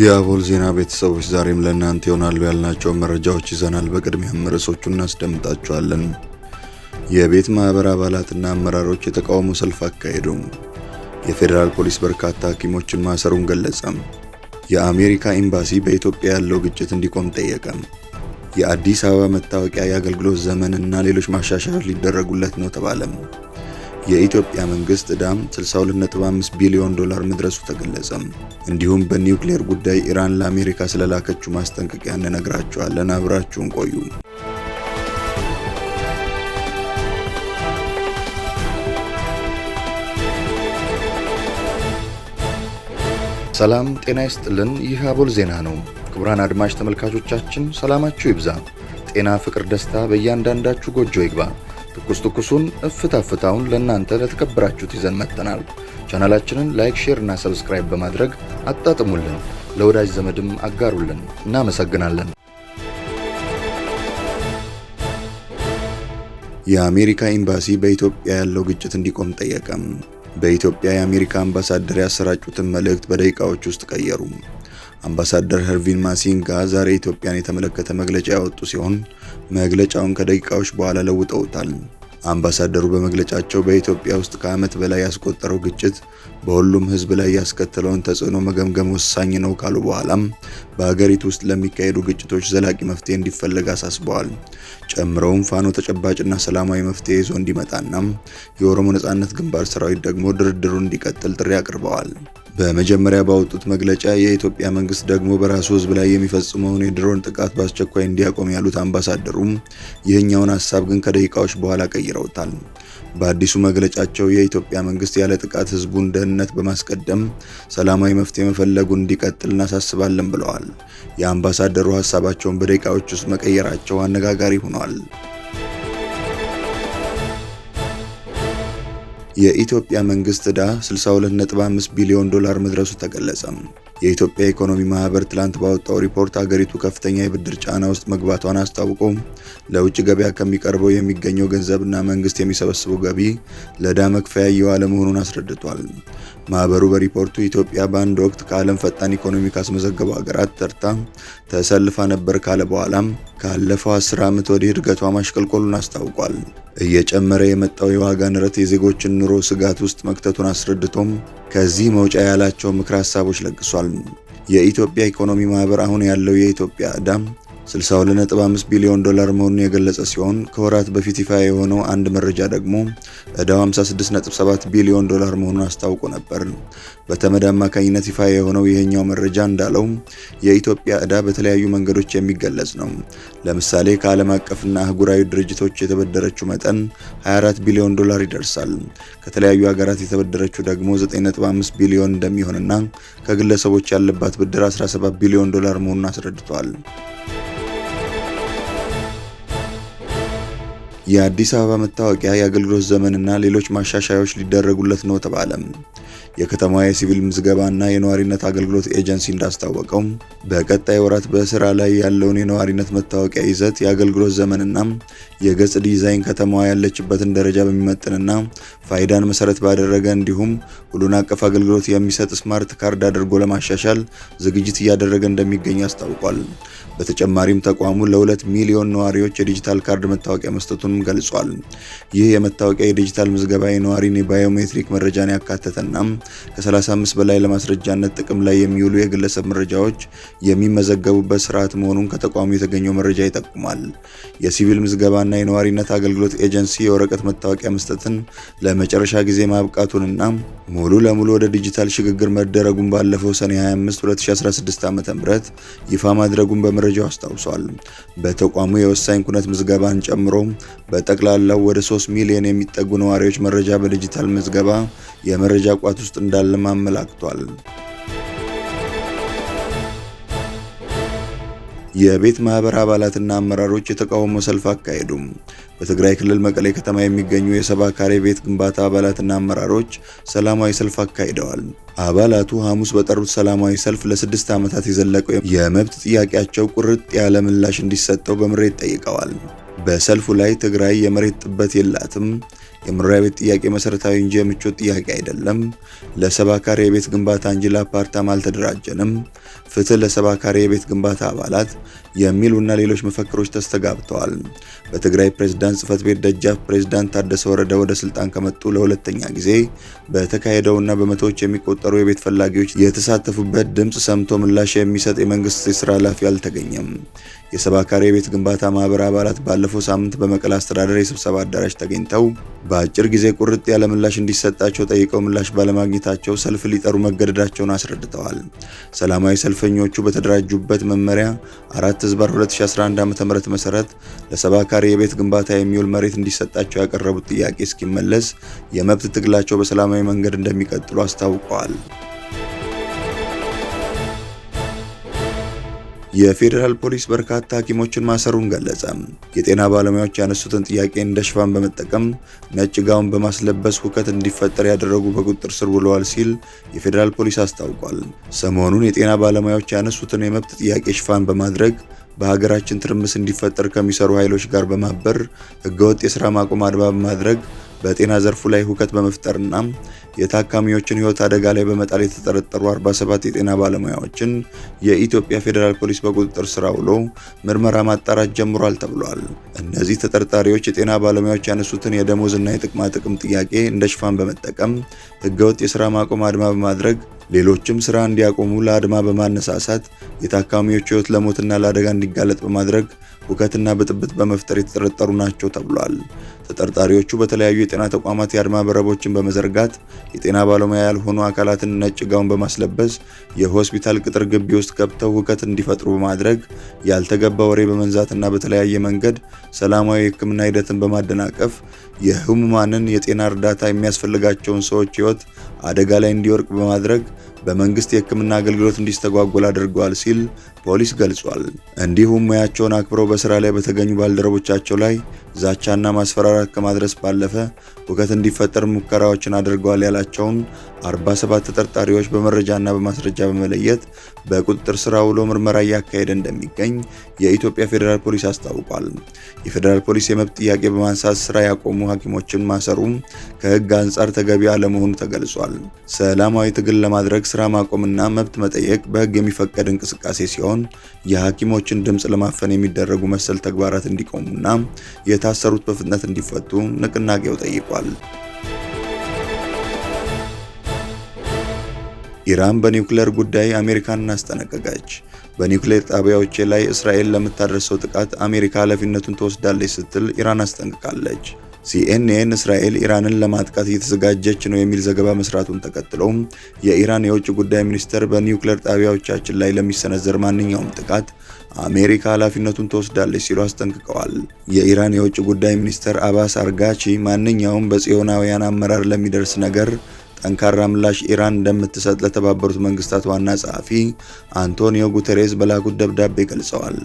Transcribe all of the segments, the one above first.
የአቦል ዜና ቤተሰቦች ዛሬም ለእናንተ ይሆናሉ ያልናቸው መረጃዎች ይዘናል። በቅድሚያም ርዕሶቹ እናስደምጣቸዋለን። የቤት ማኅበር አባላትና አመራሮች የተቃውሞ ሰልፍ አካሄዱ። የፌዴራል ፖሊስ በርካታ ሐኪሞችን ማሰሩን ገለጸም። የአሜሪካ ኤምባሲ በኢትዮጵያ ያለው ግጭት እንዲቆም ጠየቀም። የአዲስ አበባ መታወቂያ የአገልግሎት ዘመን እና ሌሎች ማሻሻያ ሊደረጉለት ነው ተባለም። የኢትዮጵያ መንግስት ዕዳም 62.5 ቢሊዮን ዶላር መድረሱ ተገለጸ። እንዲሁም በኒውክሌር ጉዳይ ኢራን ለአሜሪካ ስለላከችው ማስጠንቀቂያ እንነግራችኋለን። አብራችሁን ቆዩ። ሰላም ጤና ይስጥልን። ይህ አቦል ዜና ነው። ክቡራን አድማጭ ተመልካቾቻችን ሰላማችሁ ይብዛ፣ ጤና፣ ፍቅር፣ ደስታ በእያንዳንዳችሁ ጎጆ ይግባ። ትኩስ ትኩሱን እፍታ ፍታውን ለእናንተ ለተከበራችሁት ይዘን መጥተናል። ቻናላችንን ላይክ፣ ሼር እና ሰብስክራይብ በማድረግ አጣጥሙልን፣ ለወዳጅ ዘመድም አጋሩልን። እናመሰግናለን። የአሜሪካ ኤምባሲ በኢትዮጵያ ያለው ግጭት እንዲቆም ጠየቀም። በኢትዮጵያ የአሜሪካ አምባሳደር ያሰራጩትን መልእክት በደቂቃዎች ውስጥ ቀየሩ። አምባሳደር ሄርቪን ማሲንጋ ዛሬ ኢትዮጵያን የተመለከተ መግለጫ ያወጡ ሲሆን መግለጫውን ከደቂቃዎች በኋላ ለውጠውታል። አምባሳደሩ በመግለጫቸው በኢትዮጵያ ውስጥ ከዓመት በላይ ያስቆጠረው ግጭት በሁሉም ሕዝብ ላይ ያስከተለውን ተጽዕኖ መገምገም ወሳኝ ነው ካሉ በኋላም በሀገሪቱ ውስጥ ለሚካሄዱ ግጭቶች ዘላቂ መፍትሄ እንዲፈለግ አሳስበዋል። ጨምረውም ፋኖ ተጨባጭና ሰላማዊ መፍትሄ ይዞ እንዲመጣና የኦሮሞ ነጻነት ግንባር ሰራዊት ደግሞ ድርድሩን እንዲቀጥል ጥሪ አቅርበዋል። በመጀመሪያ ባወጡት መግለጫ የኢትዮጵያ መንግስት ደግሞ በራሱ ህዝብ ላይ የሚፈጽመውን የድሮን ጥቃት በአስቸኳይ እንዲያቆም ያሉት አምባሳደሩም ይህኛውን ሀሳብ ግን ከደቂቃዎች በኋላ ቀይረውታል። በአዲሱ መግለጫቸው የኢትዮጵያ መንግስት ያለ ጥቃት ህዝቡን ደህንነት በማስቀደም ሰላማዊ መፍትሄ መፈለጉን እንዲቀጥል እናሳስባለን ብለዋል። የአምባሳደሩ ሀሳባቸውን በደቂቃዎች ውስጥ መቀየራቸው አነጋጋሪ ሆኗል። የኢትዮጵያ መንግስት ዕዳ 62.5 ቢሊዮን ዶላር መድረሱ ተገለጸ። የኢትዮጵያ ኢኮኖሚ ማህበር ትላንት ባወጣው ሪፖርት አገሪቱ ከፍተኛ የብድር ጫና ውስጥ መግባቷን አስታውቆ ለውጭ ገበያ ከሚቀርበው የሚገኘው ገንዘብና መንግስት የሚሰበስበው ገቢ ለዕዳ መክፈያ እየዋለ መሆኑን አስረድቷል። ማህበሩ በሪፖርቱ ኢትዮጵያ በአንድ ወቅት ከዓለም ፈጣን ኢኮኖሚ ካስመዘገቡ ሀገራት ተርታ ተሰልፋ ነበር ካለ በኋላም ካለፈው 10 ዓመት ወዲህ እድገቷ ማሽቀልቆሉን አስታውቋል። እየጨመረ የመጣው የዋጋ ንረት የዜጎችን ኑሮ ስጋት ውስጥ መክተቱን አስረድቶም ከዚህ መውጫ ያላቸው ምክር ሀሳቦች ለግሷል። የኢትዮጵያ ኢኮኖሚ ማህበር አሁን ያለው የኢትዮጵያ ዕዳም 62.5 ቢሊዮን ዶላር መሆኑን የገለጸ ሲሆን ከወራት በፊት ይፋ የሆነው አንድ መረጃ ደግሞ ዕዳው 56.7 ቢሊዮን ዶላር መሆኑን አስታውቆ ነበር። በተመድ አማካኝነት ይፋ የሆነው ይህኛው መረጃ እንዳለው የኢትዮጵያ ዕዳ በተለያዩ መንገዶች የሚገለጽ ነው። ለምሳሌ ከዓለም አቀፍና አህጉራዊ ድርጅቶች የተበደረችው መጠን 24 ቢሊዮን ዶላር ይደርሳል። ከተለያዩ ሀገራት የተበደረችው ደግሞ 9.5 ቢሊዮን እንደሚሆንና ከግለሰቦች ያለባት ብድር 17 ቢሊዮን ዶላር መሆኑን አስረድቷል። የአዲስ አበባ መታወቂያ የአገልግሎት ዘመንና ሌሎች ማሻሻያዎች ሊደረጉለት ነው ተባለም። የከተማዋ የሲቪል ምዝገባና የነዋሪነት አገልግሎት ኤጀንሲ እንዳስታወቀው በቀጣይ ወራት በስራ ላይ ያለውን የነዋሪነት መታወቂያ ይዘት፣ የአገልግሎት ዘመንና የገጽ ዲዛይን ከተማዋ ያለችበትን ደረጃ በሚመጥንና ፋይዳን መሰረት ባደረገ እንዲሁም ሁሉን አቀፍ አገልግሎት የሚሰጥ ስማርት ካርድ አድርጎ ለማሻሻል ዝግጅት እያደረገ እንደሚገኝ አስታውቋል። በተጨማሪም ተቋሙ ለሁለት ሚሊዮን ነዋሪዎች የዲጂታል ካርድ መታወቂያ መስጠቱንም ገልጿል። ይህ የመታወቂያ የዲጂታል ምዝገባ የነዋሪን የባዮሜትሪክ መረጃን ያካተተና ከ35 በላይ ለማስረጃነት ጥቅም ላይ የሚውሉ የግለሰብ መረጃዎች የሚመዘገቡበት ስርዓት መሆኑን ከተቋሙ የተገኘው መረጃ ይጠቁማል። የሲቪል ምዝገባና የነዋሪነት አገልግሎት ኤጀንሲ የወረቀት መታወቂያ መስጠትን ለመጨረሻ ጊዜ ማብቃቱንና ሙሉ ለሙሉ ወደ ዲጂታል ሽግግር መደረጉን ባለፈው ሰኔ 25 2016 ዓ ም ይፋ ማድረጉን በመረ መረጃው አስታውሷል። በተቋሙ የወሳኝ ኩነት ምዝገባን ጨምሮ በጠቅላላው ወደ 3 ሚሊዮን የሚጠጉ ነዋሪዎች መረጃ በዲጂታል ምዝገባ የመረጃ ቋት ውስጥ እንዳለም አመላክቷል። የቤት ማህበር አባላትና አመራሮች የተቃውሞ ሰልፍ አካሄዱ። በትግራይ ክልል መቀሌ ከተማ የሚገኙ የሰባ ካሬ ቤት ግንባታ አባላትና አመራሮች ሰላማዊ ሰልፍ አካሂደዋል። አባላቱ ሐሙስ በጠሩት ሰላማዊ ሰልፍ ለስድስት ዓመታት የዘለቀው የመብት ጥያቄያቸው ቁርጥ ያለ ምላሽ እንዲሰጠው በምሬት ጠይቀዋል። በሰልፉ ላይ ትግራይ የመሬት ጥበት የላትም፣ የመኖሪያ ቤት ጥያቄ መሰረታዊ እንጂ የምቾት ጥያቄ አይደለም፣ ለሰባ ካሬ የቤት ግንባታ እንጂ ለአፓርታማ አልተደራጀንም፣ ፍትህ ለሰባካሪ የቤት ግንባታ አባላት የሚሉና ሌሎች መፈክሮች ተስተጋብተዋል። በትግራይ ፕሬዝዳንት ጽህፈት ቤት ደጃፍ ፕሬዝዳንት ታደሰ ወረደ ወደ ስልጣን ከመጡ ለሁለተኛ ጊዜ በተካሄደውና በመቶዎች የሚቆጠሩ የቤት ፈላጊዎች የተሳተፉበት ድምፅ ሰምቶ ምላሽ የሚሰጥ የመንግስት የስራ ኃላፊ አልተገኘም። የሰባካሪ የቤት ግንባታ ማህበር አባላት ባለፈው ሳምንት በመቀለ አስተዳደር የስብሰባ አዳራሽ ተገኝተው በአጭር ጊዜ ቁርጥ ያለ ምላሽ እንዲሰጣቸው ጠይቀው ምላሽ ባለማግኘታቸው ሰልፍ ሊጠሩ መገደዳቸውን አስረድተዋል። ሰላማዊ ሰልፈኞቹ በተደራጁበት መመሪያ 4 ህዝባር 2011 ዓ.ም መሰረት ለሰባ ካሬ የቤት ግንባታ የሚውል መሬት እንዲሰጣቸው ያቀረቡት ጥያቄ እስኪመለስ የመብት ትግላቸው በሰላማዊ መንገድ እንደሚቀጥሉ አስታውቀዋል። የፌዴራል ፖሊስ በርካታ ሐኪሞችን ማሰሩን ገለጸ። የጤና ባለሙያዎች ያነሱትን ጥያቄ እንደ ሽፋን በመጠቀም ነጭ ጋውን በማስለበስ ሁከት እንዲፈጠር ያደረጉ በቁጥጥር ስር ውለዋል ሲል የፌዴራል ፖሊስ አስታውቋል። ሰሞኑን የጤና ባለሙያዎች ያነሱትን የመብት ጥያቄ ሽፋን በማድረግ በሀገራችን ትርምስ እንዲፈጠር ከሚሰሩ ኃይሎች ጋር በማበር ህገወጥ የስራ ማቆም አድማ በማድረግ በጤና ዘርፉ ላይ ሁከት በመፍጠርና የታካሚዎችን ህይወት አደጋ ላይ በመጣል የተጠረጠሩ 47 የጤና ባለሙያዎችን የኢትዮጵያ ፌዴራል ፖሊስ በቁጥጥር ስር አውሎ ምርመራ ማጣራት ጀምሯል ተብሏል። እነዚህ ተጠርጣሪዎች የጤና ባለሙያዎች ያነሱትን የደሞዝና የጥቅማ ጥቅም ጥያቄ እንደ ሽፋን በመጠቀም ህገወጥ የስራ ማቆም አድማ በማድረግ ሌሎችም ስራ እንዲያቆሙ ለአድማ በማነሳሳት የታካሚዎች ህይወት ለሞትና ለአደጋ እንዲጋለጥ በማድረግ ሁከትና ብጥብጥ በመፍጠር የተጠረጠሩ ናቸው ተብሏል። ተጠርጣሪዎቹ በተለያዩ የጤና ተቋማት የአድማ በረቦችን በመዘርጋት የጤና ባለሙያ ያልሆኑ አካላትን ነጭ ጋውን በማስለበስ የሆስፒታል ቅጥር ግቢ ውስጥ ገብተው ሁከት እንዲፈጥሩ በማድረግ ያልተገባ ወሬ በመንዛትና በተለያየ መንገድ ሰላማዊ የሕክምና ሂደትን በማደናቀፍ የህሙማንን የጤና እርዳታ የሚያስፈልጋቸውን ሰዎች ህይወት አደጋ ላይ እንዲወርቅ በማድረግ በመንግስት የህክምና አገልግሎት እንዲስተጓጎል አድርገዋል ሲል ፖሊስ ገልጿል። እንዲሁም ሙያቸውን አክብረው በስራ ላይ በተገኙ ባልደረቦቻቸው ላይ ዛቻና ማስፈራራት ከማድረስ ባለፈ ሁከት እንዲፈጠር ሙከራዎችን አድርገዋል ያላቸውን 47 ተጠርጣሪዎች በመረጃና በማስረጃ በመለየት በቁጥጥር ስር ውሎ ምርመራ እያካሄደ እንደሚገኝ የኢትዮጵያ ፌዴራል ፖሊስ አስታውቋል። የፌዴራል ፖሊስ የመብት ጥያቄ በማንሳት ስራ ያቆሙ ሐኪሞችን ማሰሩ ከህግ አንጻር ተገቢ አለመሆኑ ተገልጿል። ሰላማዊ ትግል ለማድረግ ስራ ማቆምና መብት መጠየቅ በህግ የሚፈቀድ እንቅስቃሴ ሲሆን የሐኪሞችን ድምፅ ለማፈን የሚደረጉ መሰል ተግባራት እንዲቆሙና የታሰሩት በፍጥነት እንዲፈቱ ንቅናቄው ጠይቋል። ኢራን በኒውክሌር ጉዳይ አሜሪካን አስጠነቀቀች። በኒውክሌር ጣቢያዎቼ ላይ እስራኤል ለምታደርሰው ጥቃት አሜሪካ ኃላፊነቱን ትወስዳለች ስትል ኢራን አስጠንቅቃለች። ሲኤንኤን እስራኤል ኢራንን ለማጥቃት እየተዘጋጀች ነው የሚል ዘገባ መስራቱን ተከትሎ የኢራን የውጭ ጉዳይ ሚኒስተር በኒውክሌር ጣቢያዎቻችን ላይ ለሚሰነዘር ማንኛውም ጥቃት አሜሪካ ኃላፊነቱን ትወስዳለች ሲሉ አስጠንቅቀዋል። የኢራን የውጭ ጉዳይ ሚኒስተር አባስ አርጋቺ ማንኛውም በጽዮናውያን አመራር ለሚደርስ ነገር ጠንካራ ምላሽ ኢራን እንደምትሰጥ ለተባበሩት መንግስታት ዋና ጸሐፊ አንቶኒዮ ጉተሬስ በላኩት ደብዳቤ ገልጸዋል።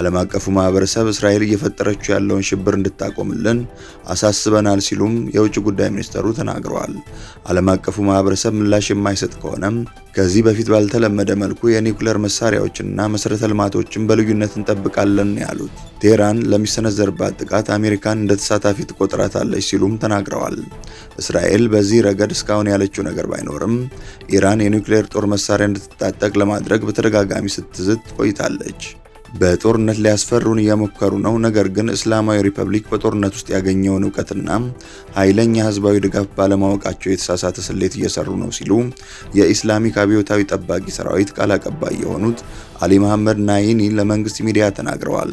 ዓለም አቀፉ ማህበረሰብ እስራኤል እየፈጠረችው ያለውን ሽብር እንድታቆምልን አሳስበናል ሲሉም የውጭ ጉዳይ ሚኒስተሩ ተናግረዋል። ዓለም አቀፉ ማህበረሰብ ምላሽ የማይሰጥ ከሆነም ከዚህ በፊት ባልተለመደ መልኩ የኒውክሌር መሳሪያዎችንና መሠረተ ልማቶችን በልዩነት እንጠብቃለን ያሉት ቴህራን ለሚሰነዘርባት ጥቃት አሜሪካን እንደ ተሳታፊ ትቆጥራታለች ሲሉም ተናግረዋል። እስራኤል በዚህ ረገድ እስካሁን ያለችው ነገር ባይኖርም ኢራን የኒውክሌር ጦር መሳሪያ እንድትታጠቅ ለማድረግ በተደጋጋሚ ስትዝት ቆይታለች። በጦርነት ሊያስፈሩን እየሞከሩ ነው። ነገር ግን እስላማዊ ሪፐብሊክ በጦርነት ውስጥ ያገኘውን እውቀትና ኃይለኛ ህዝባዊ ድጋፍ ባለማወቃቸው የተሳሳተ ስሌት እየሰሩ ነው ሲሉ የኢስላሚክ አብዮታዊ ጠባቂ ሰራዊት ቃል አቀባይ የሆኑት አሊ መሐመድ ናይኒ ለመንግስት ሚዲያ ተናግረዋል።